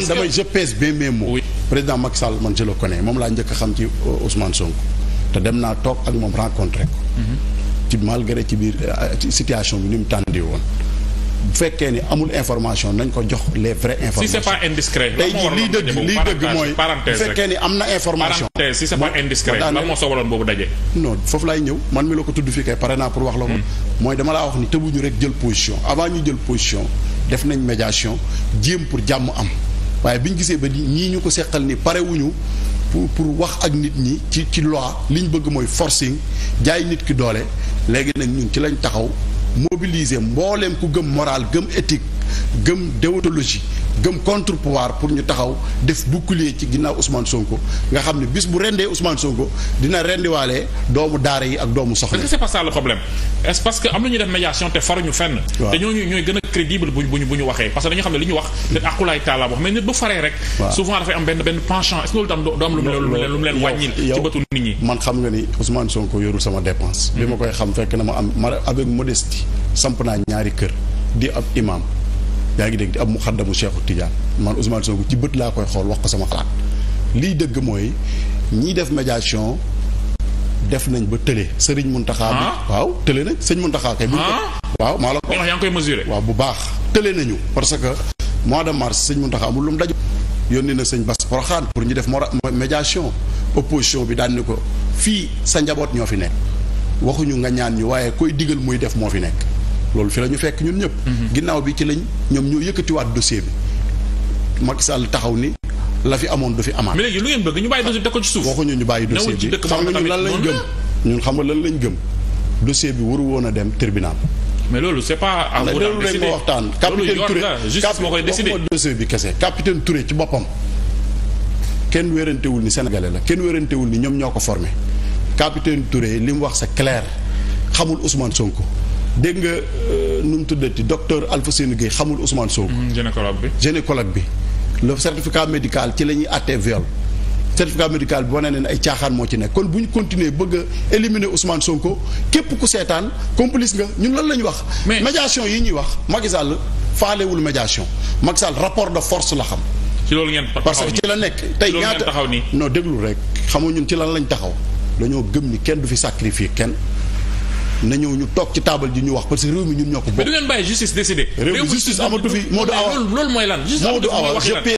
man damay je pèse bien mes mots président Macky man je le connais moom laa njëkk xam ci euh, Ousmane Sonko te dem naa toog ak moom rencontré ko mhm. ci malgré ci biir euh, situation bi ni mu tàndi woon bu fekkee ni amul information nañ ko jox les vraies informations. si c'est pas indiscret. tey jii lii am na information. parenthèse si c'est pas indiscret boobu daje. non foofu laay ñëw man mi la ko tudd fii kay pare naa pour wax la ko. Hmm. mooy dama laa wax ni tëbuñu rek jël position avant ñu jël position def nañ médiation jéem pour jàmm am. waaye bi ñu gisee ba ñii ñu ko seqal ni parewuñu pour pour wax ak nit ñi ci ci loi li ñu bëgg mooy forcing jaay nit ki doole léegi nag ñun ci lañ taxaw mobiliser mbooleem ku gëm moral gëm éthique gëm déontologie gëm contre pouvoir pour ñu taxaw def bouclier ci ginnaaw Ousmane Sonko nga xam ne bis bu rendee Ousmane Sonko dina rendiwaale doomu daara yi ak doomu soxla. le problème est-ce parce que am na ñu def médiation te faruñu fenn. waaw a crédible bu ñu waxee parce que dañu xam ne li ñu wax. te akulaay taala wax mais nit bu faree rek. souvent dafay am benn penchant est-ce que tam doo am lu mu leen wàññil. ci nit ñi man xam nga ni Ousmane Sonko yorul sama dépense. bi ma koy xam fekk na ma am ma avec modestie samp naa ñaari kër di ab imam yaa ngi dégg di am mu xaddamu Cheikhu Tidiane man Ousmane Sonko ci bët laa koy xool wax ko sama xalaat lii dëgg mooy ñiy def médiation def nañ ba tële Serigne Mountakha bi ah. waaw tële nañ sëñ Mountakha kay bu ah. waaw maa la ko yaa ngi waaw bu baax tële nañu parce que mois de mars sëñ Mountakha amul lu mu daj yónni na sëñ Bass Porokhane pour ñu def médiation opposition bi daan ni ko fii sa njaboot ñoo fi nekk waxuñu nga ñaan ñi waaye koy digal muy def moo fi nekk loolu fi la ñu fekk ñun ñëpp. Mhm. ginnaaw bi ci lañ ñoom ñoo yëkkatiwaat dossier bi Macky Sall taxaw ni la fi amoon du fi amaat. mais léegi ñu bàyyi dossier bi teg ko waxuñu ñu bàyyi dossier bi xam nga ñun lan lañ gëm ñun xam nga lan lañ gëm dossier bi waru woon a dem tribunal. mais loolu c'est pas. à vous d'en décider waxtaan. capitaine Touré justice moo koy décider dossier bi kese capitaine Touré ci boppam kenn wérantewul ni sénégalais la kenn wérantewul ni ñoom ñoo ko formé capitaine Touré li mu wax c'est clair xamul Ousmane Sonko. dégg nga euh, nu mu tuddati docteur Alphousseyni Gueye xamul Ousmane Sonko. Mm, gynécologue bi gynécologue bi. loo certificat médical ci la ñuy àttee viol certificat médical bi wane neen ay caaxaan moo ci nekk kon bu ñu continuer bëgg a éliminer Ousmane ko képp ku seetaan complice nga ñun lan la ñu wax. mais médiation yi ñuy wax Macky Sall faalewul médiation Macky rapport de force la xam. ci loolu ngeen taxaw parce que ci la nekk tey ñaata non déglu rek xamoo ñun ci lan lañ taxaw dañoo gëm ni kenn du fi sacrifier kenn. na ñëw ñu toog ci taabal ji ñu wax parce que réew mi ñun ñoo ko bokk. mais du ngeen loolu mooy lan. justice amatu